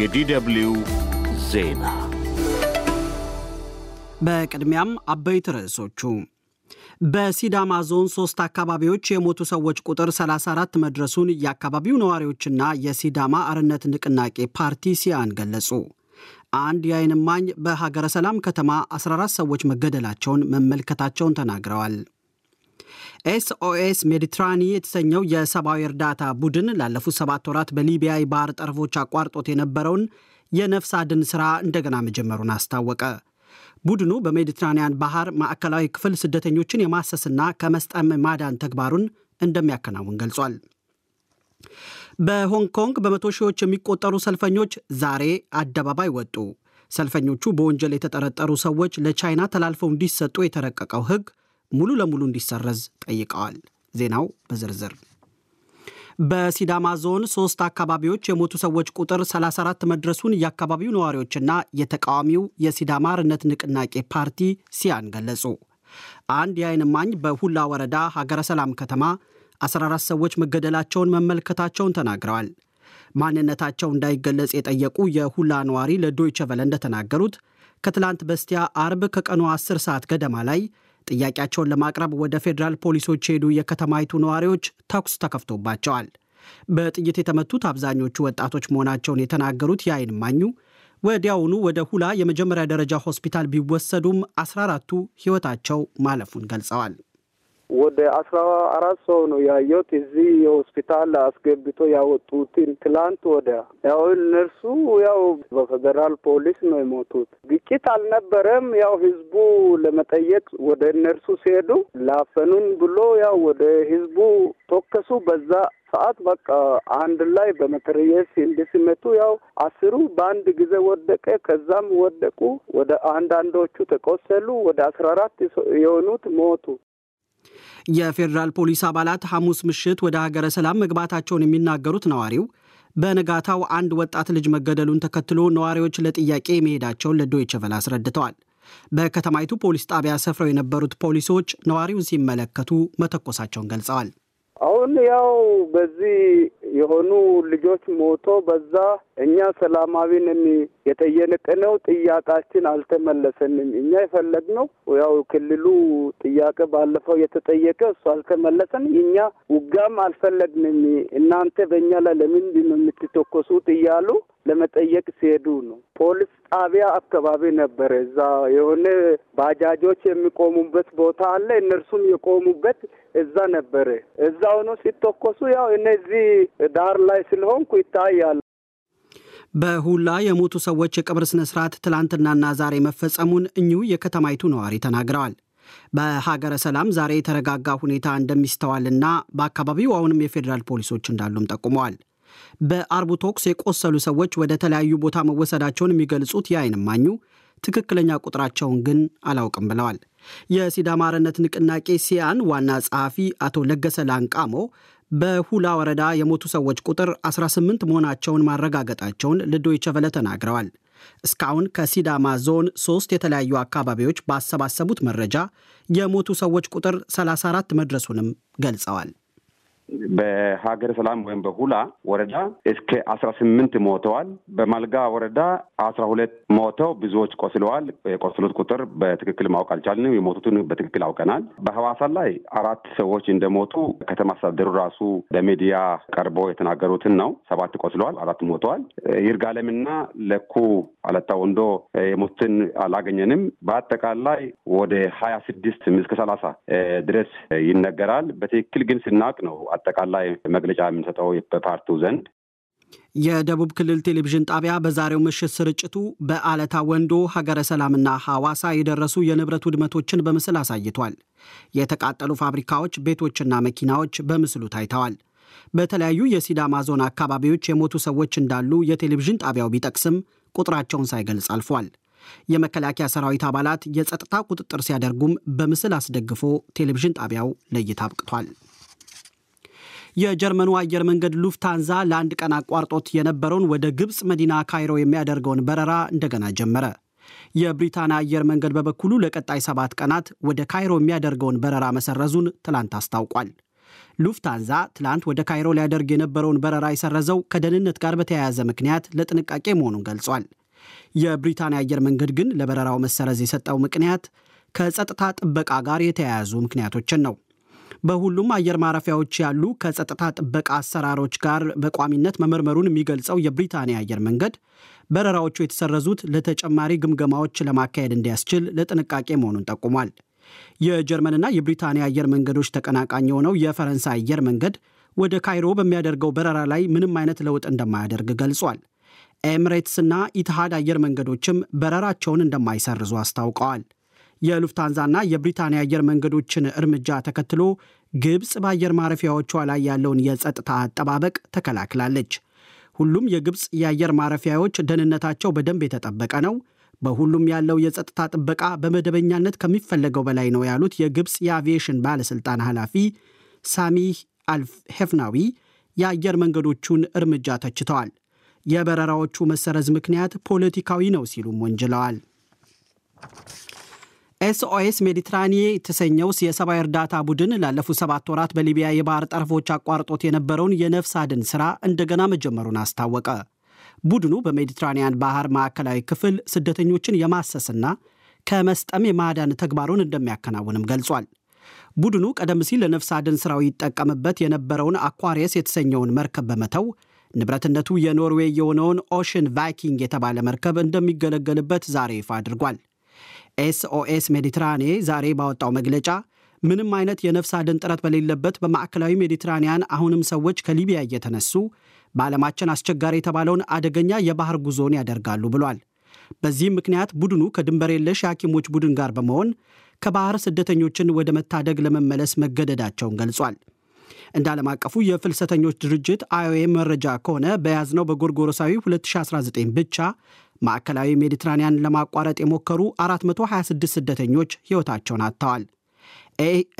የዲደብልዩ ዜና በቅድሚያም አበይት ርዕሶቹ በሲዳማ ዞን ሶስት አካባቢዎች የሞቱ ሰዎች ቁጥር 34 መድረሱን የአካባቢው ነዋሪዎችና የሲዳማ አርነት ንቅናቄ ፓርቲ ሲያን ገለጹ። አንድ የአይንማኝ በሀገረ ሰላም ከተማ 14 ሰዎች መገደላቸውን መመልከታቸውን ተናግረዋል። ኤስኦኤስ ሜዲትራኒ የተሰኘው የሰብአዊ እርዳታ ቡድን ላለፉት ሰባት ወራት በሊቢያ የባህር ጠረፎች አቋርጦት የነበረውን የነፍስ አድን ሥራ እንደገና መጀመሩን አስታወቀ። ቡድኑ በሜዲትራኒያን ባህር ማዕከላዊ ክፍል ስደተኞችን የማሰስና ከመስጠም ማዳን ተግባሩን እንደሚያከናውን ገልጿል። በሆንግ ኮንግ በመቶ ሺዎች የሚቆጠሩ ሰልፈኞች ዛሬ አደባባይ ወጡ። ሰልፈኞቹ በወንጀል የተጠረጠሩ ሰዎች ለቻይና ተላልፈው እንዲሰጡ የተረቀቀው ህግ ሙሉ ለሙሉ እንዲሰረዝ ጠይቀዋል። ዜናው በዝርዝር በሲዳማ ዞን ሶስት አካባቢዎች የሞቱ ሰዎች ቁጥር 34 መድረሱን የአካባቢው ነዋሪዎችና የተቃዋሚው የሲዳማ ርነት ንቅናቄ ፓርቲ ሲያን ገለጹ። አንድ የአይንማኝ እማኝ በሁላ ወረዳ ሀገረ ሰላም ከተማ 14 ሰዎች መገደላቸውን መመልከታቸውን ተናግረዋል። ማንነታቸው እንዳይገለጽ የጠየቁ የሁላ ነዋሪ ለዶይቸ ቨለ እንደተናገሩት ከትላንት በስቲያ አርብ ከቀኑ 10 ሰዓት ገደማ ላይ ጥያቄያቸውን ለማቅረብ ወደ ፌዴራል ፖሊሶች የሄዱ የከተማይቱ ነዋሪዎች ተኩስ ተከፍቶባቸዋል። በጥይት የተመቱት አብዛኞቹ ወጣቶች መሆናቸውን የተናገሩት የአይን ማኙ ወዲያውኑ ወደ ሁላ የመጀመሪያ ደረጃ ሆስፒታል ቢወሰዱም 14ቱ ሕይወታቸው ማለፉን ገልጸዋል። ወደ አስራ አራት ሰው ነው ያየሁት። እዚህ የሆስፒታል አስገብቶ ያወጡትን ትላንት ወዲያ ያው እነርሱ ያው በፌደራል ፖሊስ ነው የሞቱት። ግጭት አልነበረም። ያው ህዝቡ ለመጠየቅ ወደ እነርሱ ሲሄዱ ላፈኑን ብሎ ያው ወደ ህዝቡ ተኮሱ። በዛ ሰዓት በቃ አንድ ላይ በመትረየስ እንዲስመቱ ያው አስሩ በአንድ ጊዜ ወደቀ። ከዛም ወደቁ። ወደ አንዳንዶቹ ተቆሰሉ። ወደ አስራ አራት የሆኑት ሞቱ። የፌዴራል ፖሊስ አባላት ሐሙስ ምሽት ወደ ሀገረ ሰላም መግባታቸውን የሚናገሩት ነዋሪው በንጋታው አንድ ወጣት ልጅ መገደሉን ተከትሎ ነዋሪዎች ለጥያቄ መሄዳቸውን ለዶይቸቨል አስረድተዋል። በከተማይቱ ፖሊስ ጣቢያ ሰፍረው የነበሩት ፖሊሶች ነዋሪውን ሲመለከቱ መተኮሳቸውን ገልጸዋል። አሁን ያው በዚህ የሆኑ ልጆች ሞቶ በዛ እኛ ሰላማዊን የጠየቅነው ጥያቄያችን አልተመለሰንም። እኛ የፈለግነው ያው ክልሉ ጥያቄ ባለፈው የተጠየቀ እሱ አልተመለሰን። እኛ ውጋም አልፈለግንም። እናንተ በእኛ ላይ ለምንድን ነው የምትተኮሱት እያሉ ለመጠየቅ ሲሄዱ ነው። ፖሊስ ጣቢያ አካባቢ ነበረ። እዛ የሆነ ባጃጆች የሚቆሙበት ቦታ አለ። እነርሱም የቆሙበት እዛ ነበረ። እዛ ሆኖ ሲተኮሱ ያው እነዚህ ዳር ላይ ስለሆንኩ ይታያል። በሁላ የሞቱ ሰዎች የቅብር ስነ ስርዓት ትላንትናና ዛሬ መፈጸሙን እኚሁ የከተማይቱ ነዋሪ ተናግረዋል። በሀገረ ሰላም ዛሬ የተረጋጋ ሁኔታ እንደሚስተዋልና በአካባቢው አሁንም የፌዴራል ፖሊሶች እንዳሉም ጠቁመዋል። በአርቡ የቆሰሉ ሰዎች ወደ ተለያዩ ቦታ መወሰዳቸውን የሚገልጹት የአይን ማኙ ትክክለኛ ቁጥራቸውን ግን አላውቅም ብለዋል። የሲዳማ አርነት ንቅናቄ ሲያን ዋና ጸሐፊ አቶ ለገሰ ላንቃሞ በሁላ ወረዳ የሞቱ ሰዎች ቁጥር 18 መሆናቸውን ማረጋገጣቸውን ለዶይቸ ቬለ ተናግረዋል። እስካሁን ከሲዳማ ዞን ሶስት የተለያዩ አካባቢዎች ባሰባሰቡት መረጃ የሞቱ ሰዎች ቁጥር 34 መድረሱንም ገልጸዋል። በሀገረ ሰላም ወይም በሁላ ወረዳ እስከ አስራ ስምንት ሞተዋል። በማልጋ ወረዳ አስራ ሁለት ሞተው ብዙዎች ቆስለዋል። የቆሰሉት ቁጥር በትክክል ማወቅ አልቻልንም። የሞቱትን በትክክል አውቀናል። በሐዋሳ ላይ አራት ሰዎች እንደሞቱ ከተማ አስተዳደሩ ራሱ ለሚዲያ ቀርቦ የተናገሩትን ነው። ሰባት ቆስለዋል፣ አራት ሞተዋል። ይርጋለምና ለኩ አለታ ወንዶ የሞቱትን አላገኘንም። በአጠቃላይ ወደ ሀያ ስድስት እስከ ሰላሳ ድረስ ይነገራል። በትክክል ግን ስናውቅ ነው አጠቃላይ መግለጫ የምንሰጠው በፓርቲው ዘንድ የደቡብ ክልል ቴሌቪዥን ጣቢያ በዛሬው ምሽት ስርጭቱ በአለታ ወንዶ፣ ሀገረ ሰላምና ሐዋሳ የደረሱ የንብረት ውድመቶችን በምስል አሳይቷል። የተቃጠሉ ፋብሪካዎች፣ ቤቶችና መኪናዎች በምስሉ ታይተዋል። በተለያዩ የሲዳማ ዞን አካባቢዎች የሞቱ ሰዎች እንዳሉ የቴሌቪዥን ጣቢያው ቢጠቅስም ቁጥራቸውን ሳይገልጽ አልፏል። የመከላከያ ሰራዊት አባላት የጸጥታ ቁጥጥር ሲያደርጉም በምስል አስደግፎ ቴሌቪዥን ጣቢያው ለእይታ አብቅቷል። የጀርመኑ አየር መንገድ ሉፍታንዛ ለአንድ ቀን አቋርጦት የነበረውን ወደ ግብፅ መዲና ካይሮ የሚያደርገውን በረራ እንደገና ጀመረ። የብሪታንያ አየር መንገድ በበኩሉ ለቀጣይ ሰባት ቀናት ወደ ካይሮ የሚያደርገውን በረራ መሰረዙን ትላንት አስታውቋል። ሉፍታንዛ ትላንት ወደ ካይሮ ሊያደርግ የነበረውን በረራ የሰረዘው ከደህንነት ጋር በተያያዘ ምክንያት ለጥንቃቄ መሆኑን ገልጿል። የብሪታንያ አየር መንገድ ግን ለበረራው መሰረዝ የሰጠው ምክንያት ከጸጥታ ጥበቃ ጋር የተያያዙ ምክንያቶችን ነው። በሁሉም አየር ማረፊያዎች ያሉ ከጸጥታ ጥበቃ አሰራሮች ጋር በቋሚነት መመርመሩን የሚገልጸው የብሪታንያ አየር መንገድ በረራዎቹ የተሰረዙት ለተጨማሪ ግምገማዎች ለማካሄድ እንዲያስችል ለጥንቃቄ መሆኑን ጠቁሟል። የጀርመንና የብሪታንያ አየር መንገዶች ተቀናቃኝ የሆነው የፈረንሳይ አየር መንገድ ወደ ካይሮ በሚያደርገው በረራ ላይ ምንም አይነት ለውጥ እንደማያደርግ ገልጿል። ኤምሬትስና ኢትሃድ አየር መንገዶችም በረራቸውን እንደማይሰርዙ አስታውቀዋል። የሉፍታንዛና የብሪታንያ አየር መንገዶችን እርምጃ ተከትሎ ግብፅ በአየር ማረፊያዎቿ ላይ ያለውን የጸጥታ አጠባበቅ ተከላክላለች። ሁሉም የግብፅ የአየር ማረፊያዎች ደህንነታቸው በደንብ የተጠበቀ ነው። በሁሉም ያለው የጸጥታ ጥበቃ በመደበኛነት ከሚፈለገው በላይ ነው ያሉት የግብፅ የአቪዬሽን ባለሥልጣን ኃላፊ ሳሚህ አልሄፍናዊ የአየር መንገዶቹን እርምጃ ተችተዋል። የበረራዎቹ መሰረዝ ምክንያት ፖለቲካዊ ነው ሲሉም ወንጅለዋል። ኤስኦኤስ ሜዲትራኒዬ የተሰኘው የሰብአዊ እርዳታ ቡድን ላለፉት ሰባት ወራት በሊቢያ የባህር ጠረፎች አቋርጦት የነበረውን የነፍስ አድን ሥራ እንደገና መጀመሩን አስታወቀ። ቡድኑ በሜዲትራኒያን ባህር ማዕከላዊ ክፍል ስደተኞችን የማሰስና ከመስጠም የማዳን ተግባሩን እንደሚያከናውንም ገልጿል። ቡድኑ ቀደም ሲል ለነፍስ አድን ሥራው ይጠቀምበት የነበረውን አኳሪየስ የተሰኘውን መርከብ በመተው ንብረትነቱ የኖርዌይ የሆነውን ኦሽን ቫይኪንግ የተባለ መርከብ እንደሚገለገልበት ዛሬ ይፋ አድርጓል። ኤስኦኤስ ሜዲትራኔ ዛሬ ባወጣው መግለጫ ምንም አይነት የነፍስ አድን ጥረት በሌለበት በማዕከላዊ ሜዲትራኒያን አሁንም ሰዎች ከሊቢያ እየተነሱ በዓለማችን አስቸጋሪ የተባለውን አደገኛ የባህር ጉዞን ያደርጋሉ ብሏል። በዚህም ምክንያት ቡድኑ ከድንበር የለሽ የሐኪሞች ቡድን ጋር በመሆን ከባህር ስደተኞችን ወደ መታደግ ለመመለስ መገደዳቸውን ገልጿል። እንደ ዓለም አቀፉ የፍልሰተኞች ድርጅት አይኦኤም መረጃ ከሆነ በያዝነው በጎርጎሮሳዊ 2019 ብቻ ማዕከላዊ ሜዲትራንያን ለማቋረጥ የሞከሩ 426 ስደተኞች ሕይወታቸውን አጥተዋል።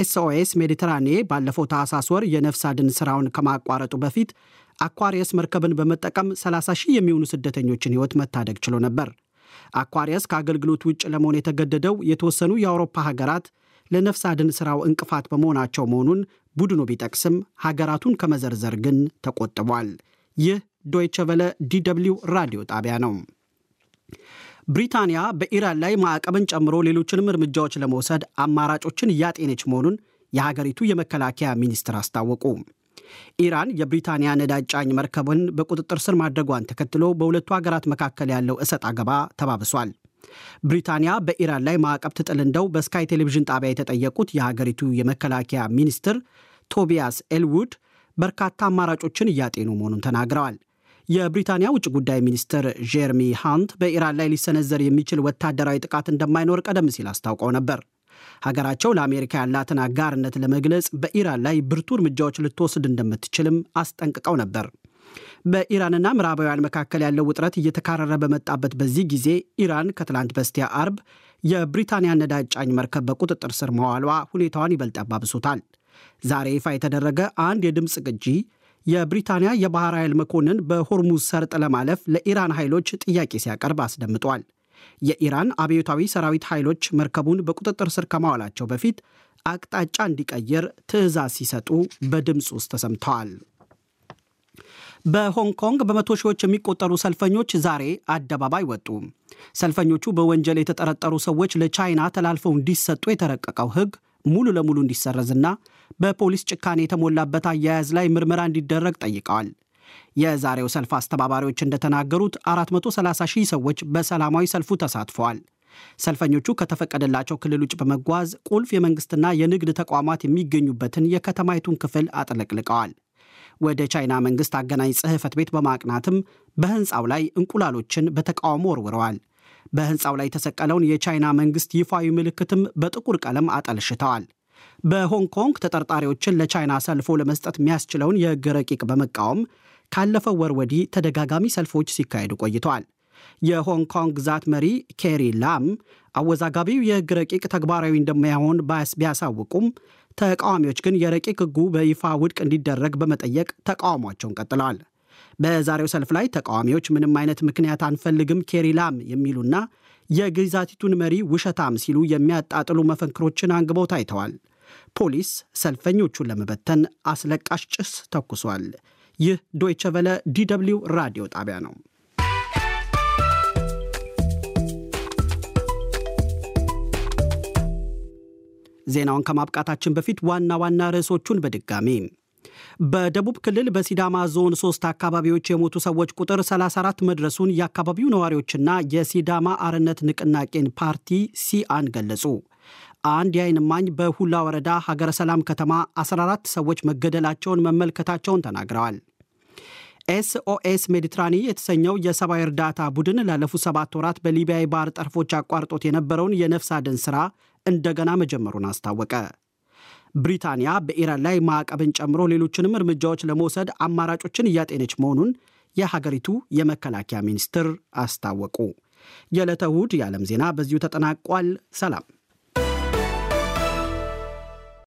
ኤስኦኤስ ሜዲትራኔ ባለፈው ታህሳስ ወር የነፍስ አድን ሥራውን ከማቋረጡ በፊት አኳሪየስ መርከብን በመጠቀም 30 ሺህ የሚሆኑ ስደተኞችን ሕይወት መታደግ ችሎ ነበር። አኳሪየስ ከአገልግሎት ውጭ ለመሆን የተገደደው የተወሰኑ የአውሮፓ ሀገራት ለነፍስ አድን ሥራው እንቅፋት በመሆናቸው መሆኑን ቡድኑ ቢጠቅስም ሀገራቱን ከመዘርዘር ግን ተቆጥቧል። ይህ ዶይቸ ቨለ ዲ ደብልዩ ራዲዮ ጣቢያ ነው። ብሪታንያ በኢራን ላይ ማዕቀብን ጨምሮ ሌሎችንም እርምጃዎች ለመውሰድ አማራጮችን እያጤነች መሆኑን የሀገሪቱ የመከላከያ ሚኒስትር አስታወቁ። ኢራን የብሪታንያ ነዳጅ ጫኝ መርከብን በቁጥጥር ስር ማድረጓን ተከትሎ በሁለቱ ሀገራት መካከል ያለው እሰጥ አገባ ተባብሷል። ብሪታንያ በኢራን ላይ ማዕቀብ ትጥል እንደው በስካይ ቴሌቪዥን ጣቢያ የተጠየቁት የሀገሪቱ የመከላከያ ሚኒስትር ቶቢያስ ኤልውድ በርካታ አማራጮችን እያጤኑ መሆኑን ተናግረዋል። የብሪታንያ ውጭ ጉዳይ ሚኒስትር ጀርሚ ሃንት በኢራን ላይ ሊሰነዘር የሚችል ወታደራዊ ጥቃት እንደማይኖር ቀደም ሲል አስታውቀው ነበር። ሀገራቸው ለአሜሪካ ያላትን አጋርነት ለመግለጽ በኢራን ላይ ብርቱ እርምጃዎች ልትወስድ እንደምትችልም አስጠንቅቀው ነበር። በኢራንና ምዕራባውያን መካከል ያለው ውጥረት እየተካረረ በመጣበት በዚህ ጊዜ ኢራን ከትላንት በስቲያ አርብ የብሪታንያ ነዳጅ ጫኝ መርከብ በቁጥጥር ስር መዋሏ ሁኔታዋን ይበልጥ አባብሶታል። ዛሬ ይፋ የተደረገ አንድ የድምፅ ቅጂ የብሪታንያ የባህር ኃይል መኮንን በሆርሙዝ ሰርጥ ለማለፍ ለኢራን ኃይሎች ጥያቄ ሲያቀርብ አስደምጧል። የኢራን አብዮታዊ ሰራዊት ኃይሎች መርከቡን በቁጥጥር ስር ከማዋላቸው በፊት አቅጣጫ እንዲቀይር ትዕዛዝ ሲሰጡ በድምፅ ውስጥ ተሰምተዋል። በሆንግ ኮንግ በመቶ ሺዎች የሚቆጠሩ ሰልፈኞች ዛሬ አደባባይ ወጡ። ሰልፈኞቹ በወንጀል የተጠረጠሩ ሰዎች ለቻይና ተላልፈው እንዲሰጡ የተረቀቀው ሕግ ሙሉ ለሙሉ እንዲሰረዝና በፖሊስ ጭካኔ የተሞላበት አያያዝ ላይ ምርመራ እንዲደረግ ጠይቀዋል። የዛሬው ሰልፍ አስተባባሪዎች እንደተናገሩት 430 ሺህ ሰዎች በሰላማዊ ሰልፉ ተሳትፈዋል። ሰልፈኞቹ ከተፈቀደላቸው ክልል ውጭ በመጓዝ ቁልፍ የመንግስትና የንግድ ተቋማት የሚገኙበትን የከተማይቱን ክፍል አጥለቅልቀዋል። ወደ ቻይና መንግስት አገናኝ ጽህፈት ቤት በማቅናትም በህንፃው ላይ እንቁላሎችን በተቃውሞ ወርውረዋል። በህንፃው ላይ የተሰቀለውን የቻይና መንግስት ይፋዊ ምልክትም በጥቁር ቀለም አጠልሽተዋል። በሆንግ ኮንግ ተጠርጣሪዎችን ለቻይና አሳልፎ ለመስጠት የሚያስችለውን የህግ ረቂቅ በመቃወም ካለፈው ወር ወዲህ ተደጋጋሚ ሰልፎች ሲካሄዱ ቆይተዋል። የሆንግ ኮንግ ግዛት መሪ ኬሪ ላም አወዛጋቢው የህግ ረቂቅ ተግባራዊ እንደማይሆን ቢያሳውቁም ተቃዋሚዎች ግን የረቂቅ ህጉ በይፋ ውድቅ እንዲደረግ በመጠየቅ ተቃውሟቸውን ቀጥለዋል። በዛሬው ሰልፍ ላይ ተቃዋሚዎች ምንም አይነት ምክንያት አንፈልግም ኬሪ ላም የሚሉና የግዛቲቱን መሪ ውሸታም ሲሉ የሚያጣጥሉ መፈንክሮችን አንግበው ታይተዋል። ፖሊስ ሰልፈኞቹን ለመበተን አስለቃሽ ጭስ ተኩሷል። ይህ ዶይቸ ቨለ ራዲዮ ጣቢያ ነው። ዜናውን ከማብቃታችን በፊት ዋና ዋና ርዕሶቹን በድጋሚ በደቡብ ክልል በሲዳማ ዞን ሶስት አካባቢዎች የሞቱ ሰዎች ቁጥር 34 መድረሱን የአካባቢው ነዋሪዎችና የሲዳማ አርነት ንቅናቄን ፓርቲ ሲአን ገለጹ። አንድ የአይን ማኝ በሁላ ወረዳ ሀገረ ሰላም ከተማ 14 ሰዎች መገደላቸውን መመልከታቸውን ተናግረዋል። ኤስኦኤስ ሜዲትራኒ የተሰኘው የሰብአዊ እርዳታ ቡድን ላለፉት ሰባት ወራት በሊቢያ የባህር ጠርፎች አቋርጦት የነበረውን የነፍስ አድን ሥራ እንደገና መጀመሩን አስታወቀ። ብሪታንያ በኢራን ላይ ማዕቀብን ጨምሮ ሌሎችንም እርምጃዎች ለመውሰድ አማራጮችን እያጤነች መሆኑን የሀገሪቱ የመከላከያ ሚኒስትር አስታወቁ። የዕለተ እሁድ የዓለም ዜና በዚሁ ተጠናቋል። ሰላም።